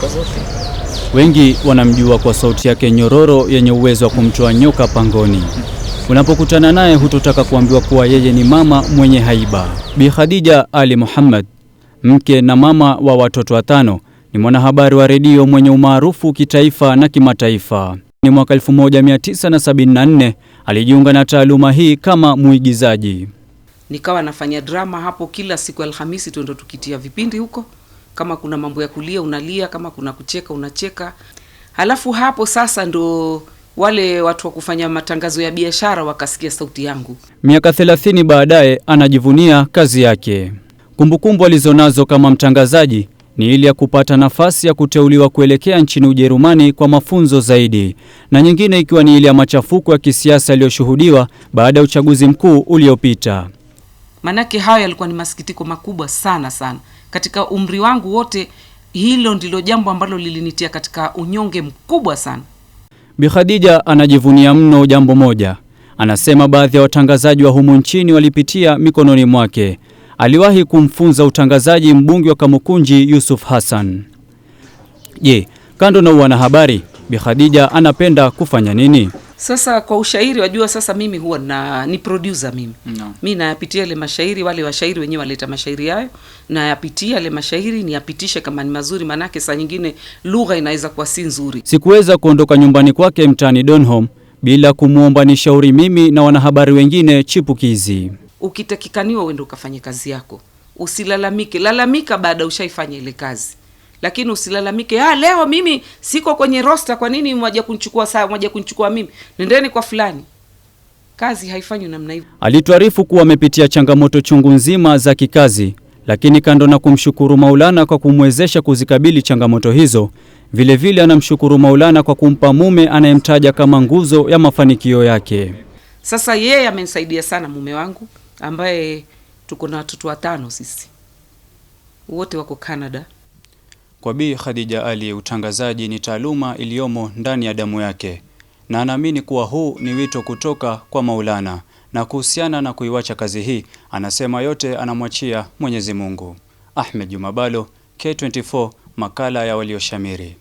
kwa zote. Wengi wanamjua kwa sauti yake nyororo yenye uwezo wa kumtoa nyoka pangoni. Unapokutana naye hutotaka kuambiwa kuwa yeye ni mama mwenye haiba. Bi Khadija Ali Muhammad, mke na mama wa watoto watano, ni mwanahabari wa redio mwenye umaarufu kitaifa na kimataifa. Ni mwaka 1974 alijiunga na taaluma hii kama muigizaji. Nikawa nafanya drama hapo kila siku Alhamisi, tuendo tukitia vipindi huko kama kuna mambo ya kulia unalia, kama kuna kucheka unacheka. Halafu hapo sasa ndo wale watu wa kufanya matangazo ya biashara wakasikia sauti yangu. Miaka thelathini baadaye anajivunia kazi yake. Kumbukumbu alizonazo kama mtangazaji ni ili ya kupata nafasi ya kuteuliwa kuelekea nchini Ujerumani kwa mafunzo zaidi, na nyingine ikiwa ni ile ya machafuko ya kisiasa yaliyoshuhudiwa baada ya uchaguzi mkuu uliopita. Maanake hayo yalikuwa ni masikitiko makubwa sana sana. Katika umri wangu wote, hilo ndilo jambo ambalo lilinitia katika unyonge mkubwa sana. Bi Khadija anajivunia mno jambo moja. Anasema baadhi ya watangazaji wa humu nchini walipitia mikononi mwake. Aliwahi kumfunza utangazaji mbunge wa Kamukunji Yusuf Hassan. Je, kando na uwanahabari Bi Khadija anapenda kufanya nini? Sasa kwa ushairi wajua, sasa mimi huwa na ni producer mimi no. Mi nayapitia ile mashairi, wale washairi wenyewe waleta mashairi hayo, nayapitia ile mashairi niyapitishe kama ni mazuri, maanake saa nyingine lugha inaweza kuwa si nzuri. Sikuweza kuondoka nyumbani kwake mtaani Donholm bila kumwomba ni shauri mimi na wanahabari wengine chipukizi. Ukitakikaniwa uende ukafanye kazi yako, usilalamike. Lalamika baada ushaifanya ile kazi lakini usilalamike, ah, leo mimi siko kwenye rosta, kwa nini mwaja kunchukua saa, mwaja kunchukua mimi, nendeni kwa fulani. Kazi haifanywi namna hivyo. Alituarifu kuwa amepitia changamoto chungu nzima za kikazi, lakini kando na kumshukuru Maulana kwa kumwezesha kuzikabili changamoto hizo, vilevile vile anamshukuru Maulana kwa kumpa mume anayemtaja kama nguzo ya mafanikio yake. Sasa yeye amenisaidia sana mume wangu ambaye tuko na watoto watano, sisi wote wako Canada kwa Bi Khadija Ali, utangazaji ni taaluma iliyomo ndani ya damu yake, na anaamini kuwa huu ni wito kutoka kwa Maulana. Na kuhusiana na kuiwacha kazi hii, anasema yote anamwachia Mwenyezi Mungu. Ahmed Juma Balo, K24, makala ya walioshamiri.